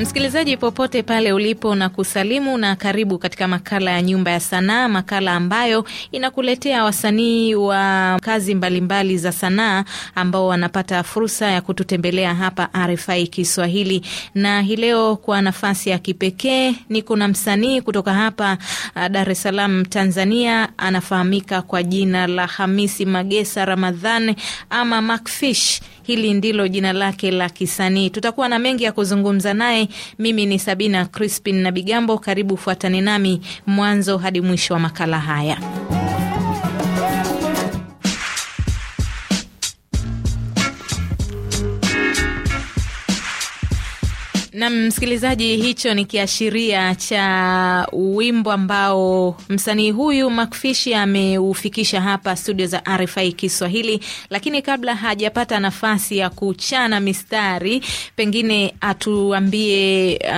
Msikilizaji popote pale ulipo, na kusalimu na karibu katika makala ya Nyumba ya Sanaa, makala ambayo inakuletea wasanii wa kazi mbalimbali mbali za sanaa ambao wanapata fursa ya kututembelea hapa RFI Kiswahili. Na hii leo kwa nafasi ya kipekee niko na msanii kutoka hapa uh, Dar es Salaam, Tanzania, anafahamika kwa jina la Hamisi Magesa Ramadhan ama Macfish. Hili ndilo jina lake la kisanii. Tutakuwa na mengi ya kuzungumza naye. Mimi ni Sabina Crispin na Bigambo, karibu fuatani nami mwanzo hadi mwisho wa makala haya. Na msikilizaji, hicho ni kiashiria cha wimbo ambao msanii huyu Macfish ameufikisha hapa studio za RFI Kiswahili, lakini kabla hajapata nafasi ya kuchana mistari, pengine atuambie uh,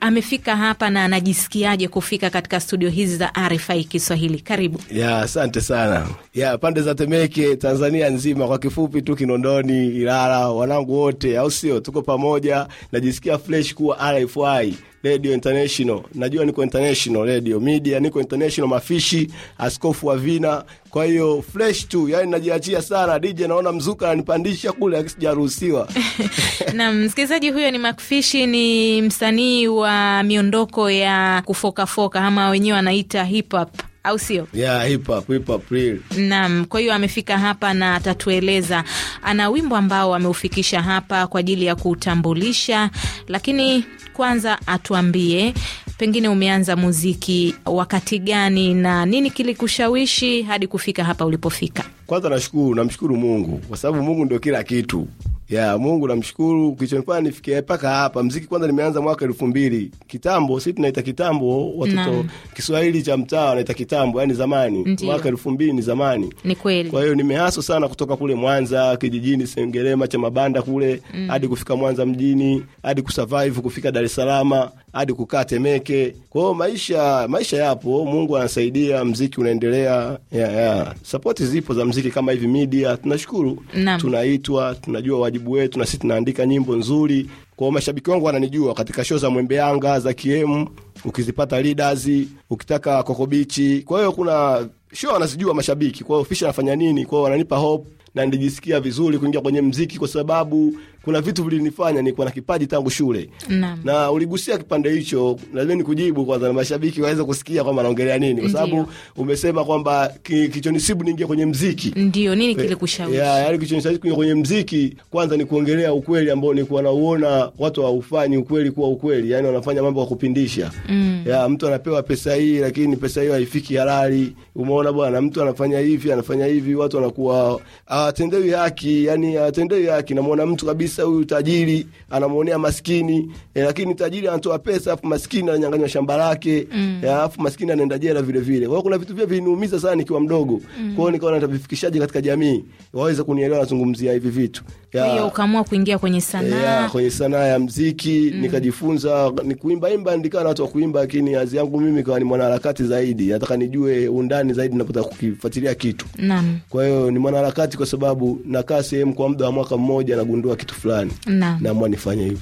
amefika hapa na anajisikiaje kufika katika studio hizi za RFI Kiswahili. Karibu. Yeah, asante sana. Yeah, pande za Temeke, Tanzania nzima, kwa kifupi tu Kinondoni, Ilala, wanangu wote, au sio? Tuko pamoja, najisikia fresh kuwa RFI Radio International, najua niko international radio media, niko international mafishi, askofu wa vina. Kwa hiyo fresh tu, yani najiachia sana. DJ naona mzuka ananipandisha kule, akisijaruhusiwa na msikilizaji huyo ni Macfishi, ni msanii wa miondoko ya kufokafoka ama wenyewe anaita hip hop au sio? Yeah, hip hop, hip hop real. Naam, kwa hiyo amefika hapa na atatueleza, ana wimbo ambao ameufikisha hapa kwa ajili ya kuutambulisha, lakini kwanza atuambie pengine umeanza muziki wakati gani na nini kilikushawishi hadi kufika hapa ulipofika? Kwanza nashukuru, namshukuru Mungu kwa sababu Mungu ndio kila kitu ya Mungu namshukuru, kilichonifanya nifikie mpaka hapa. Mziki kwanza nimeanza mwaka elfu mbili kitambo, si tunaita kitambo watoto, Kiswahili cha mtaa wanaita kitambo, yani zamani. Ndiyo. mwaka elfu mbili ni zamani, ni kweli. Kwa hiyo nimehaso sana kutoka kule Mwanza kijijini, Sengerema cha mabanda kule mm. hadi mm. kufika Mwanza mjini, hadi kusurvive kufika Dar es Salaam, hadi kukaa Temeke. Kwa maisha maisha yapo, Mungu anasaidia, mziki unaendelea. yeah, yeah. Sapoti zipo za mziki kama hivi, media tunashukuru, tunaitwa, tunajua wajibu wajibu wetu, na sisi tunaandika nyimbo nzuri. Kwa hiyo mashabiki wangu wananijua katika show za Mwembe Yanga za kiemu, ukizipata leaders, ukitaka kokobichi. Kwa hiyo kuna show wanazijua mashabiki, kwa hiyo fisha anafanya nini, kwa hiyo wananipa hope na nijisikia vizuri kuingia kwenye mziki kwa sababu kuna vitu vilinifanya nikuwa na kipaji tangu shule na, na uligusia kipande hicho, lazima nikujibu kwanza na mashabiki waweze kusikia kwamba naongelea nini, kwa sababu umesema kwamba ki, kichonisibu niingia kwenye mziki. Ndio nini eh, kilikushawishi? Ya, yaani kichonisibu kuingia kwenye mziki kwanza ni kuongelea ukweli ambao nilikuwa nauona watu haufanyi ukweli kuwa ukweli, yani wanafanya mambo ya kupindisha. Mm. Ya, mtu anapewa pesa hii lakini pesa hiyo haifiki halali. Umeona bwana, mtu anafanya hivi anafanya hivi, watu wanakuwa hawatendewi haki, yani hawatendewi haki, namuona mtu kabisa kabisa, huyu tajiri anamwonea maskini e, lakini tajiri anatoa pesa afu maskini ananyang'anywa shamba lake mm. eh, afu maskini anaenda jela vile vile. Kwa hiyo kuna vitu vya viniumiza sana nikiwa mdogo mm. kwa hiyo nikaona nitavifikishaje katika jamii waweze kunielewa, nazungumzia hivi vitu kwa hiyo ukaamua kuingia kwenye sanaa eh, ya, kwenye sanaa ya mziki mm. nikajifunza ni kuimba imba, nikawa na watu wa kuimba, lakini azi yangu mimi kwa ni mwanaharakati zaidi, nataka nijue undani zaidi napota kukifuatilia kitu. Naam. Kwa hiyo ni mwanaharakati kwa sababu nakaa sehemu kwa muda wa mwaka mmoja, nagundua kitu fulani naamua nifanye hivyo.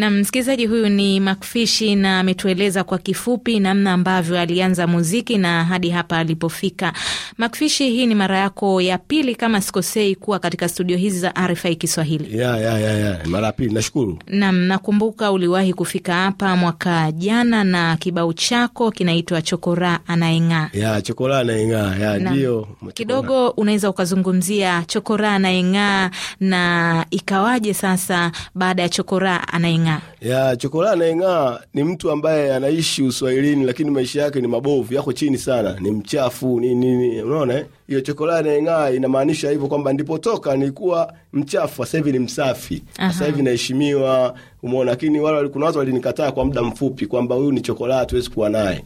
Na msikilizaji huyu ni Makfishi na ametueleza kwa kifupi namna ambavyo alianza muziki na hadi hapa alipofika. Makfishi, hii ni mara yako ya pili kama sikosei kuwa katika studio hizi za RFI Kiswahili? Yeah, yeah, yeah, yeah. Mara ya pili, nashukuru. Naam, nakumbuka uliwahi kufika hapa mwaka jana na kibao chako kinaitwa Chokora Anaeng'aa. Yeah, Chokora Anaeng'aa, Yeah, ndio kidogo unaweza ukazungumzia Chokora Anaeng'aa na ikawaje sasa baada ya Chokora Anaeng'aa? Neng'aa. Ya Chokoraa Neng'aa ni mtu ambaye anaishi Uswahilini, lakini maisha yake ni mabovu, yako chini sana, ni mchafu nini nini, unaona eh? hiyo Chokoraa Neng'aa inamaanisha hivyo kwamba ndipotoka nilikuwa mchafu, sasa hivi ni msafi, sasa hivi naheshimiwa, umeona. Lakini wale kuna watu walinikataa kwa muda mfupi kwamba huyu ni Chokoraa, hatuwezi kuwa naye.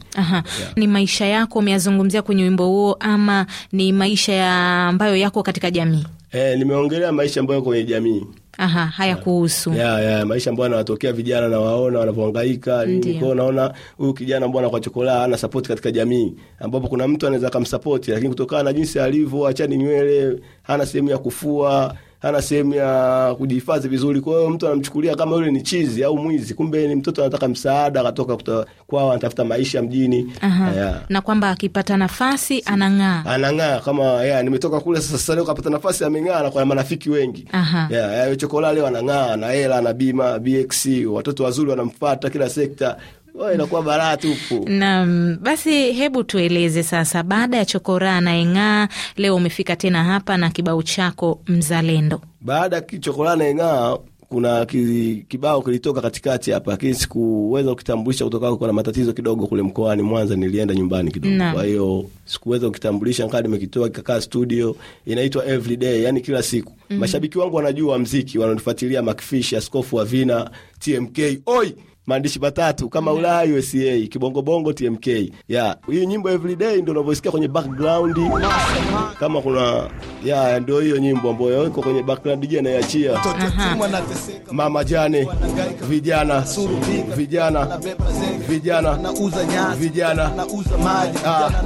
Ni maisha yako umeyazungumzia kwenye wimbo huo, ama ni maisha ya ambayo yako katika jamii? E, nimeongelea maisha ambayo kwenye jamii Aha, haya kuhusu ya, ya, maisha ambayo anawatokea vijana nawaona waona wanavyohangaika kwao. Naona huyu kijana ambao kwa chokola ana sapoti katika jamii, ambapo kuna mtu anaweza akamsapoti, lakini kutokana na jinsi alivyo, achani nywele, hana sehemu ya kufua hana sehemu ya kujihifadhi vizuri. Kwa hiyo mtu anamchukulia kama yule ni chizi au mwizi, kumbe ni mtoto anataka msaada, akatoka kwao, anatafuta maisha mjini. Aha. na kwamba akipata nafasi anang'aa, anang'aa kama ya, nimetoka kule sasa, sasa leo kapata nafasi ameng'aa, na kwa marafiki wengi ya, ya chokola leo anang'aa na hela na bima BX, watoto wazuri wanamfata kila sekta inakuwa baraa tupu. Naam, basi hebu tueleze sasa, baada ya chokoraa anayeng'aa, leo umefika tena hapa na kibao chako Mzalendo. Baada ya chokoraa anayeng'aa kuna kibao kilitoka katikati hapa, lakini sikuweza kukitambulisha kutoka kwa matatizo kidogo kule mkoani Mwanza, nilienda nyumbani kidogo, kwa hiyo sikuweza kukitambulisha, nkaa nimekitoa kikakaa studio. Inaitwa Everyday, yani kila siku. mm -hmm. Mashabiki wangu wanajua mziki, wananifuatilia Macfish, askofu wa vina, TMK oi maandishi matatu kama mm. Ulaya USA, kibongobongo TMK. Yeah, hii nyimbo everyday ndio unavyosikia kwenye background kama kuna yeah, ndio hiyo nyimbo ambayo iko kwenye background, je, anaiachia mama jane, vijana vijana vijana nauza nyasi vijana nauza ah. maji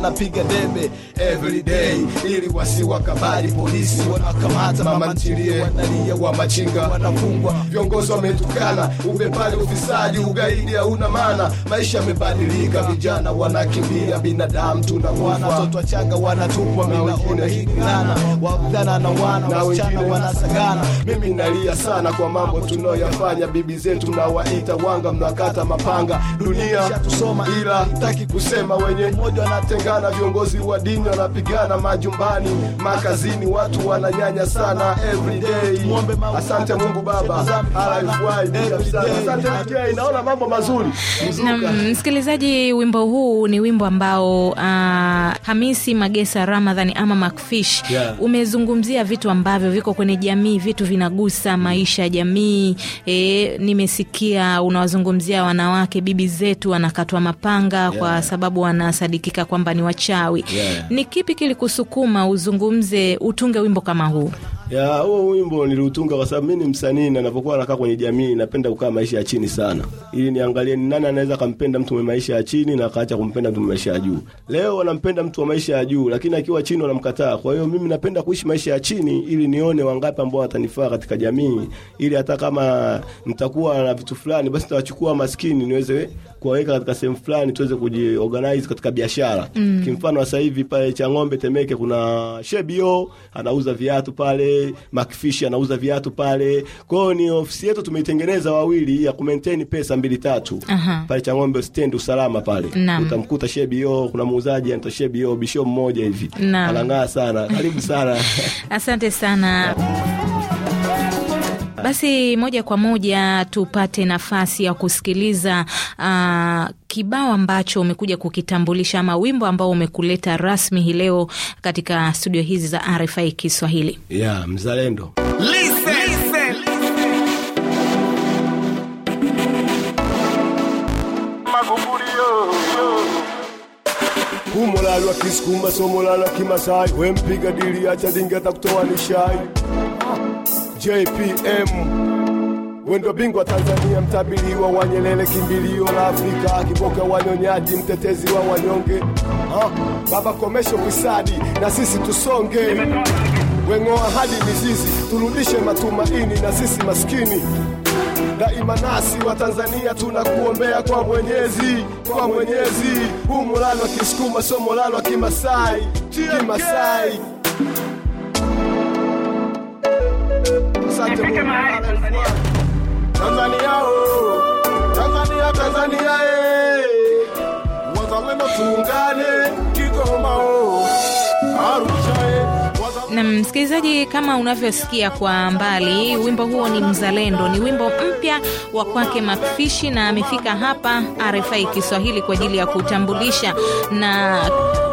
napiga debe everyday ili wasi wakabali polisi wanakamata mama ntilie wanalia wa machinga wanafungwa viongozi wametukana ubepali ufisadi ugaidi hauna maana, maisha yamebadilika, vijana wanakimbia, binadamu tuna mwana, watoto wachanga wanatupwa, mila hikilana, wavulana na wana na wasichana wanasagana. Mimi nalia sana kwa mambo tunayoyafanya, bibi zetu mnawaita wanga, mnakata mapanga. Dunia tusoma ila taki kusema, wenye mmoja wanatengana, viongozi wa dini wanapigana, majumbani, makazini, watu wananyanya sana everyday. Asante Mungu Baba, asante na mambo mazuri. Na msikilizaji, wimbo huu ni wimbo ambao uh, Hamisi Magesa Ramadhani ama Macfish yeah. Umezungumzia vitu ambavyo viko kwenye jamii, vitu vinagusa maisha ya jamii. E, nimesikia unawazungumzia wanawake, bibi zetu wanakatwa mapanga yeah. Kwa sababu wanasadikika kwamba ni wachawi yeah. Ni kipi kilikusukuma uzungumze, utunge wimbo kama huu? ya huo wimbo niliutunga kwa sababu mimi ni msanii na ninapokuwa nakaa kwenye jamii napenda kukaa maisha ya chini sana, ili niangalie ni nani anaweza kampenda mtu mwenye maisha ya chini na akaacha kumpenda mtu mwenye maisha ya juu. Leo wanampenda mtu wa maisha ya juu, lakini akiwa chini wanamkataa. Kwa hiyo mimi napenda kuishi maisha ya chini ili nione wangapi ambao watanifaa katika jamii, ili hata kama nitakuwa na vitu fulani, basi nitawachukua maskini niweze kuwaweka katika sehemu fulani tuweze kujiorganize katika biashara mm. Kimfano sasa hivi pale cha ng'ombe Temeke kuna Shebio anauza viatu pale, Macfish anauza viatu pale. Kwa hiyo ni ofisi yetu tumeitengeneza wawili ya ku maintain pesa mbili tatu Aha. pale cha ng'ombe stand usalama pale Nam. utamkuta Shebio, kuna muuzaji anaitwa Shebio bisho mmoja hivi anang'aa sana, karibu sana asante sana Nam. Basi moja kwa moja tupate nafasi ya kusikiliza uh, kibao ambacho umekuja kukitambulisha ama wimbo ambao umekuleta rasmi hii leo katika studio hizi za RFI Kiswahili ya yeah, Mzalendo. Listen, listen, listen. kisukuma somolalwa kimasai wempiga dili acha dingi atakutoa nishai JPM wendo bingwa Tanzania, mtabiliwa wa Nyelele, kimbilio la Afrika, kiboka wanyonyaji, mtetezi wa wanyonge. Baba komesho fisadi na sisi tusonge, weng'oa hadi mizizi, turudishe matumaini na sisi maskini daima nasi wa Tanzania tunakuombea kwa Mwenyezi, kwa Mwenyezi. Humu kisukuma so somo lalo kimasai, kimasai Tanzania. Tanzania oh. Tanzania eh. Wazalendo tuungane Kigoma oh. Arusha eh. Na msikilizaji, kama unavyosikia kwa mbali, wimbo huo ni Mzalendo, ni wimbo mpya wa kwake Makfishi na amefika hapa RFI Kiswahili kwa ajili ya kutambulisha na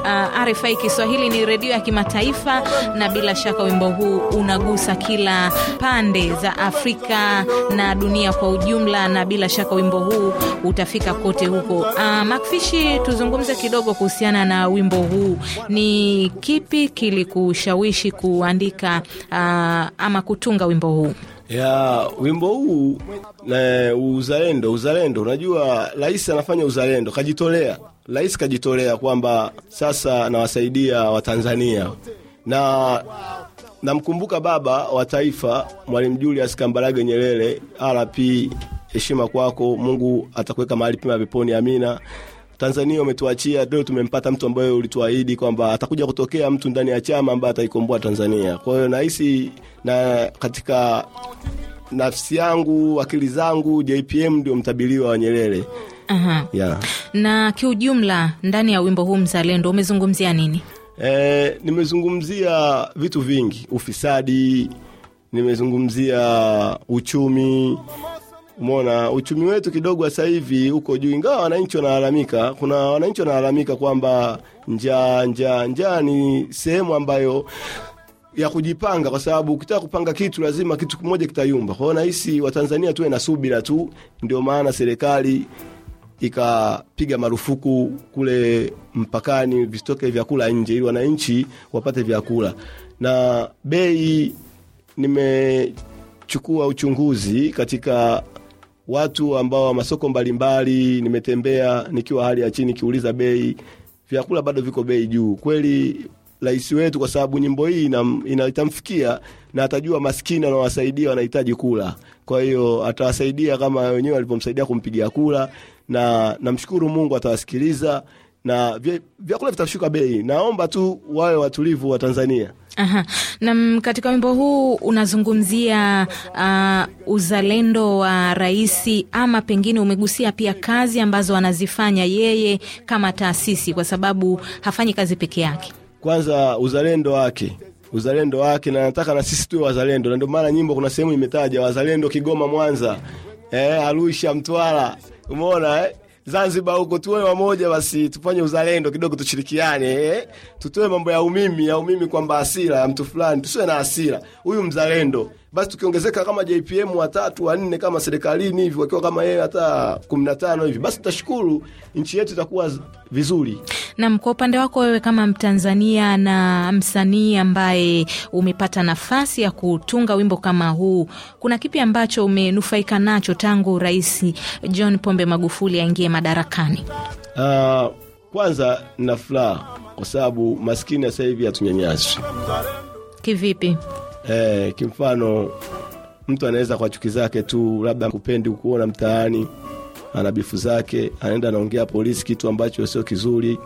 uh, RFI Kiswahili ni redio ya kimataifa, na bila shaka wimbo huu unagusa kila pande za Afrika na dunia kwa ujumla, na bila shaka wimbo huu utafika kote huko. Uh, Makfishi, tuzungumze kidogo kuhusiana na wimbo huu. Ni kipi kilikushawishi kuandika uh, ama kutunga wimbo huu? ya wimbo huu na eh, uzalendo, uzalendo. Unajua rais anafanya uzalendo, kajitolea Rais kajitolea kwamba sasa nawasaidia Watanzania na namkumbuka baba wa taifa Mwalimu Julius Kambarage Nyerere, RP, heshima kwako. Mungu atakuweka mahali pema peponi, amina. Tanzania umetuachia, leo tumempata mtu ambaye ulituahidi kwamba atakuja kutokea mtu ndani ya chama ambaye ataikomboa Tanzania. Kwa hiyo nahisi na katika nafsi yangu, akili zangu, JPM ndio mtabiliwa wa Nyerere. -huh. Yeah. Na kiujumla, ndani ya wimbo huu Mzalendo umezungumzia nini? E, nimezungumzia vitu vingi, ufisadi, nimezungumzia uchumi Umeona uchumi wetu kidogo sasa hivi uko juu, ingawa wananchi wanalalamika. Kuna wananchi wanalalamika kwamba njaa njaa njaa ni sehemu ambayo ya kujipanga, kwa sababu ukitaka kupanga kitu lazima kitu kimoja kitayumba. Kwa hiyo nahisi Watanzania tuwe na subira tu, ndio maana serikali ikapiga marufuku kule mpakani visitoke vyakula nje, ili wananchi wapate vyakula na bei. Nimechukua uchunguzi katika watu ambao masoko mbalimbali, nimetembea nikiwa hali ya chini, kiuliza bei, vyakula bado viko bei juu kweli rais wetu kwa sababu nyimbo hii itamfikia na atajua maskini anawasaidia wanahitaji kula. Kwa hiyo atawasaidia kama wenyewe walivyomsaidia kumpigia kula, na namshukuru Mungu atawasikiliza na vyakula vitashuka bei. Naomba tu wawe watulivu wa Tanzania. Aha. Na katika wimbo huu unazungumzia uh, uzalendo wa rais ama pengine umegusia pia kazi ambazo anazifanya yeye kama taasisi, kwa sababu hafanyi kazi peke yake. Kwanza uzalendo wake uzalendo wake, na nataka na sisi tuwe wazalendo, na ndio maana nyimbo kuna sehemu imetaja wazalendo Kigoma, Mwanza eh, Arusha, Mtwara, umeona eh? Zanzibar huko tuwe wamoja basi, tufanye uzalendo kidogo, tushirikiane eh? Tutoe mambo ya umimi ya umimi, kwamba hasira ya mtu fulani, tusiwe na hasira, huyu mzalendo basi tukiongezeka kama JPM watatu wanne kama serikalini hivi wakiwa kama yeye hata 15 hivi, basi tutashukuru, nchi yetu itakuwa vizuri. Nam, kwa upande wako wewe kama Mtanzania na msanii ambaye umepata nafasi ya kutunga wimbo kama huu, kuna kipi ambacho umenufaika nacho tangu Rais John Pombe Magufuli aingie madarakani? Uh, kwanza na furaha kwa sababu maskini sasa hivi hatunyanyaswi. Kivipi? eh, kimfano mtu anaweza kwa chuki zake tu labda kupendi kuona mtaani ana bifu zake anaenda anaongea polisi kitu ambacho sio kizuri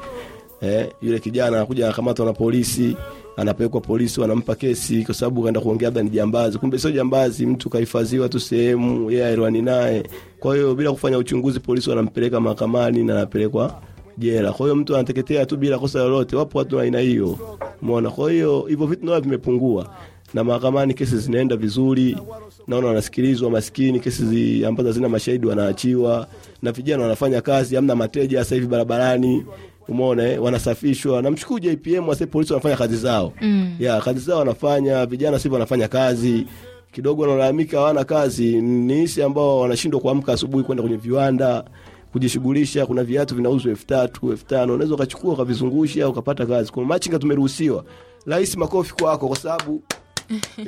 eh, yule kijana anakuja anakamatwa na polisi anapelekwa polisi wanampa kesi kwa sababu kaenda kuongea labda ni jambazi kumbe sio jambazi mtu kahifadhiwa tu sehemu yeye aelewani naye kwa hiyo bila kufanya uchunguzi polisi wanampeleka mahakamani na anapelekwa jela kwa hiyo mtu anateketea tu bila kosa lolote wapo watu aina hiyo mona kwa hiyo hivyo vitu nao vimepungua na mahakamani kesi zinaenda vizuri, naona wanasikilizwa maskini, kesi zi ambazo hazina mashahidi wanaachiwa, na vijana wanafanya kazi, hamna mateja sasa hivi barabarani Umeona, eh, wanasafishwa. Namshukuru JPM, wase polisi wanafanya kazi zao mm. ya kazi zao wanafanya, vijana sivyo, wanafanya kazi kidogo, wanalalamika hawana kazi, ni niisi ambao wanashindwa kuamka asubuhi kwenda kwenye viwanda kujishughulisha. Kuna viatu vinauzwa elfu tatu elfu tano unaweza ukachukua ukavizungusha ukapata kazi. Kuna machinga tumeruhusiwa. Rais, makofi kwako kwa sababu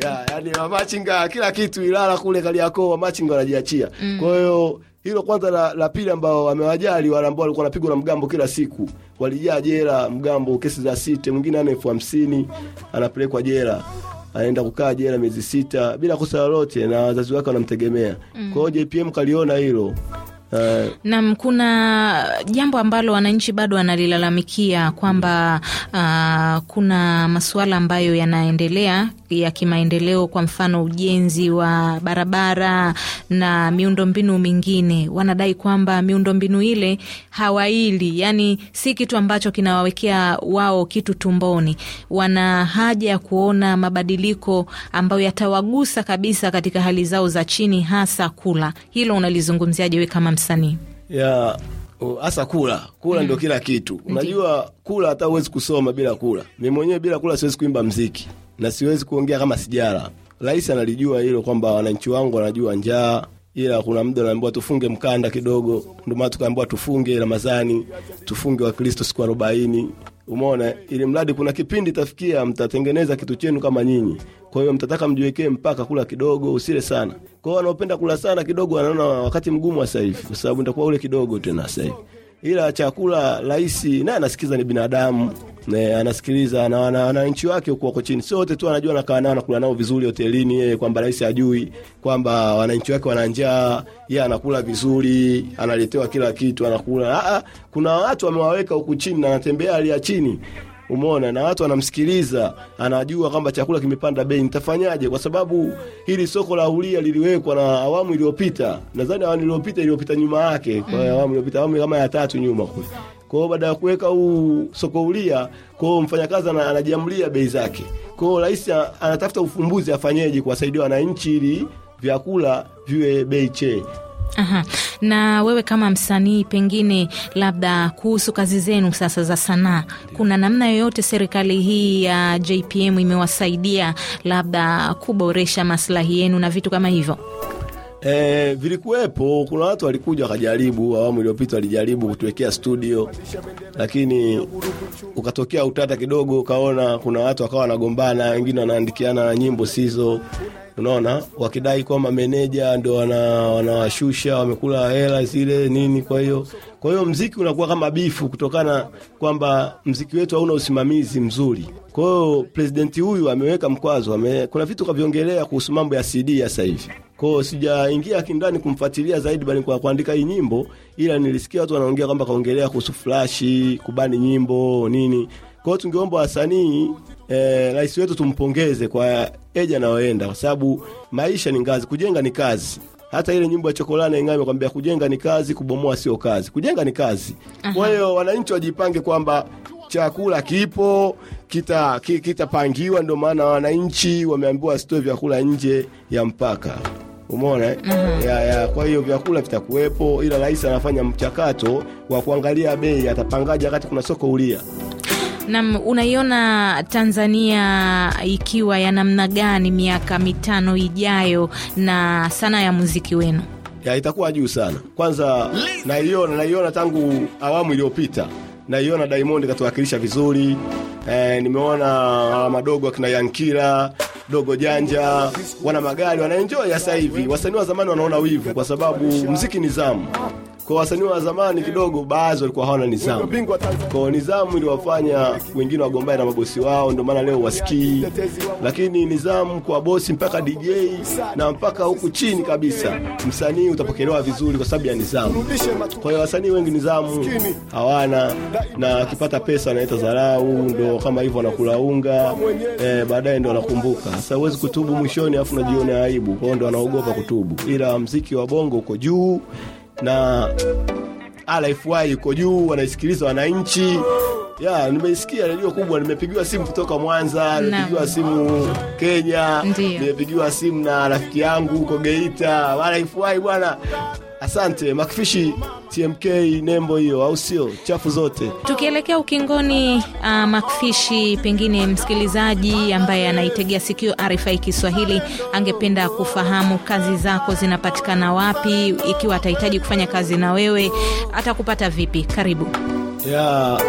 ya, yani wamachinga kila kitu Ilala kule Kariakoo wamachinga wanajiachia mm. Kwa hiyo hilo kwanza, la, la pili ambao wamewajali wale ambao walikuwa wanapigwa na mgambo kila siku, walijaa jela mgambo, kesi za sita, mwingine ana elfu hamsini anapelekwa jela anaenda kukaa jela miezi sita bila kosa lolote, na wazazi wake wanamtegemea mm. Kwa hiyo JPM kaliona hilo. Uh, eh, nam kuna jambo ambalo wananchi bado wanalilalamikia kwamba uh, kuna masuala ambayo yanaendelea ya kimaendeleo, kwa mfano ujenzi wa barabara na miundombinu mingine, wanadai kwamba miundombinu ile hawaili, yani si kitu ambacho kinawawekea wao kitu tumboni. Wana haja ya kuona mabadiliko ambayo yatawagusa kabisa katika hali zao za chini, hasa kula. Hilo unalizungumziaje we kama msanii? yeah. Hasa kula kula mm. Ndio kila kitu unajua, kula hata huwezi kusoma bila kula. Mi mwenyewe bila kula siwezi kuimba mziki na siwezi kuongea kama sijala. Rais analijua hilo kwamba wananchi wangu wanajua njaa, ila kuna muda naambiwa tufunge mkanda kidogo, ndio maana tukaambiwa tufunge Ramadhani, tufunge Wakristo siku arobaini. Umeona, ili mradi kuna kipindi tafikia mtatengeneza kitu chenu kama nyinyi. Kwa hiyo mtataka mjiwekee mpaka kula kidogo, usile sana. Kwa hiyo wanaopenda kula sana kidogo wanaona wakati mgumu wa sasa hivi, kwa sababu nitakuwa ule kidogo tena sasa hivi. Ila chakula rahisi, naye anasikiza ni binadamu E, anasikiliza na wananchi wake huko wako chini, sio wote tu anajua, anakaa nao anakula nao vizuri hotelini, yeye kwamba rais ajui kwamba wananchi wake wana njaa, yeye anakula vizuri, analetewa kila kitu anakula. Ah, ah, kuna watu wamewaweka huku chini na anatembea hali ya chini Umeona, na watu wanamsikiliza, anajua kwamba chakula kimepanda bei, nitafanyaje? Kwa sababu hili soko la huria liliwekwa na awamu iliyopita, nadhani awamu iliyopita iliyopita nyuma yake, kwa mm. awamu iliyopita, awamu kama ya tatu nyuma kule, kwao, baada ya kuweka huu soko ulia kwao mfanyakazi anajiamlia bei zake. Kwao rais anatafuta ufumbuzi afanyeje kuwasaidia wananchi ili vyakula viwe bei che. Aha. Na wewe kama msanii, pengine labda kuhusu kazi zenu sasa za sanaa, kuna namna yoyote serikali hii ya JPM imewasaidia labda kuboresha maslahi yenu na vitu kama hivyo? E, vilikuwepo. Kuna watu walikuja wakajaribu, awamu iliyopita walijaribu kutuwekea studio, lakini ukatokea utata kidogo, ukaona kuna watu wakawa wanagombana, wengine wanaandikiana na nyimbo sizo, unaona, wakidai kwamba meneja ndo wanawashusha, wamekula hela zile nini. Kwa hiyo kwa hiyo mziki unakuwa kama bifu, kutokana kwamba mziki wetu hauna usimamizi mzuri. Kwa hiyo presidenti huyu ameweka mkwazo, ame, kuna vitu kaviongelea kuhusu mambo ya CD sasa hivi kwa sijaingia kindani kumfuatilia zaidi bali kwa kuandika hii nyimbo, ila nilisikia watu wanaongea kwamba kaongelea kuhusu flash, kubani nyimbo nini. kwao. tungeomba wasanii eh, rais wetu tumpongeze kwa eja anayoenda, kwa sababu maisha ni ngazi, kujenga ni kazi. Hata ile nyimbo ya Chokolana ingawa imekwambia kujenga ni kazi, kubomoa sio kazi, kujenga ni kazi. Kwa hiyo wananchi wajipange kwamba chakula kipo kitapangiwa kita, ndio maana wananchi wameambiwa wasitoe vyakula nje ya mpaka. Umeona eh? mm -hmm. ya, ya, kwa hiyo vyakula vitakuwepo, ila rais anafanya mchakato wa kuangalia bei, atapangaje wakati kuna soko ulia Nam, unaiona Tanzania ikiwa ya namna gani miaka mitano ijayo na sanaa ya muziki wenu? Ya, itakuwa juu sana. Kwanza naiona naiona tangu awamu iliyopita naiona Diamond katuwakilisha vizuri. eh, nimeona madogo akina Yankila dogo janja, wana magari, wanaenjoy sasa hivi. Wasanii wa zamani wanaona wivu kwa sababu mziki ni zamu kwa wasanii wa zamani kidogo, baadhi walikuwa hawana nizamu. kwa nizamu iliwafanya wengine wagombane na mabosi wao, ndio maana leo wasikii. Lakini nizamu kwa bosi mpaka DJ na mpaka huku chini kabisa, msanii utapokelewa vizuri kwa sababu ya nizamu. Kwa hiyo wasanii wengi nizamu hawana, na akipata pesa wanaita dharau, ndo kama hivyo wanakula unga e, baadaye ndo wanakumbuka. sasa. Huwezi kutubu mwishoni, afu unajiona aibu kwao, ndo wanaogopa kutubu, ila mziki wa bongo uko juu na RFI ah, uko juu, wanaisikiliza wananchi. Ya, nimeisikia redio kubwa, nimepigiwa simu kutoka Mwanza, nimepigiwa simu Kenya, nimepigiwa simu na rafiki yangu huko Geita, RFI bwana Asante Makfishi TMK, nembo hiyo, au sio? Chafu zote. Tukielekea ukingoni, uh, Makfishi, pengine msikilizaji ambaye anaitegea sikio RFI Kiswahili angependa kufahamu kazi zako zinapatikana wapi, ikiwa atahitaji kufanya kazi na wewe atakupata vipi? Karibu. Yeah.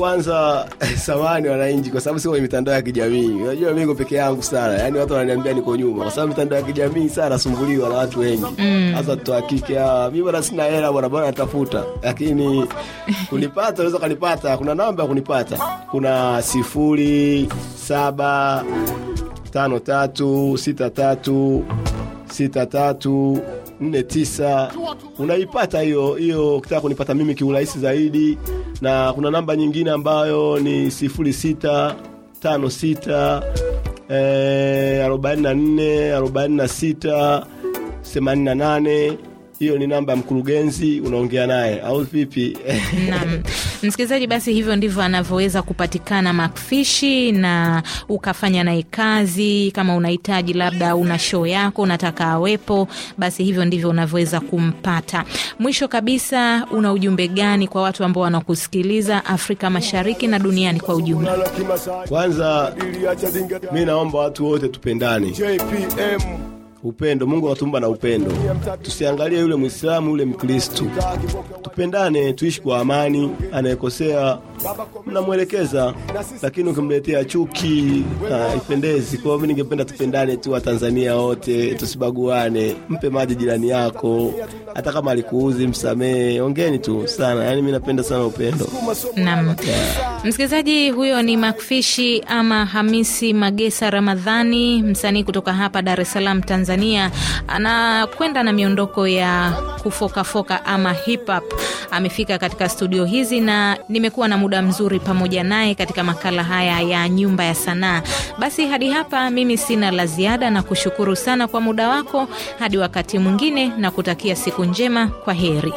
Kwanza samani wananchi, kwa sababu sio kwenye mitandao ya kijamii. Unajua mimi niko peke yangu sana, yani watu wananiambia niko nyuma, kwa sababu mitandao ya kijamii sana nasumbuliwa na watu wengi, mm. hasa mm. tuhakike hawa. Ah, mimi bwana sina hela bwana bwana, natafuta lakini kunipata unaweza ukanipata. Kuna namba ya kunipata, kuna sifuri saba tano tatu sita tatu sita tatu nne tisa. Unaipata hiyo hiyo, ukitaka kunipata mimi kiurahisi zaidi na kuna namba nyingine ambayo ni sifuri E, 44 46 88 hiyo ni namba ya mkurugenzi, unaongea naye au vipi? Naam. Msikilizaji, basi hivyo ndivyo anavyoweza kupatikana makfishi na ukafanya naye kazi. Kama unahitaji labda una show yako unataka awepo, basi hivyo ndivyo unavyoweza kumpata. Mwisho kabisa, una ujumbe gani kwa watu ambao wanakusikiliza Afrika Mashariki na duniani kwa ujumla? Kwanza mi naomba watu wote tupendane JPM upendo. Mungu awatuumba na upendo, tusiangalie yule Mwislamu, yule Mkristu. Tupendane, tuishi kwa amani. Anayekosea mnamwelekeza, lakini ukimletea chuki ah, haipendezi. Kwa mi ningependa tupendane tu Watanzania wote, tusibaguane. Mpe maji jirani yako, hata kama alikuuzi msamehe. Ongeni tu sana, yani mi napenda sana upendo. Naam, yeah. Msikilizaji huyo ni Makfishi ama Hamisi Magesa Ramadhani, msanii kutoka hapa Dar es Salaam, Tanzania, anakwenda na miondoko ya kufokafoka ama hip hop. Amefika katika studio hizi na nimekuwa na muda mzuri pamoja naye katika makala haya ya Nyumba ya Sanaa. Basi hadi hapa mimi sina la ziada na kushukuru sana kwa muda wako. Hadi wakati mwingine na kutakia siku njema, kwa heri.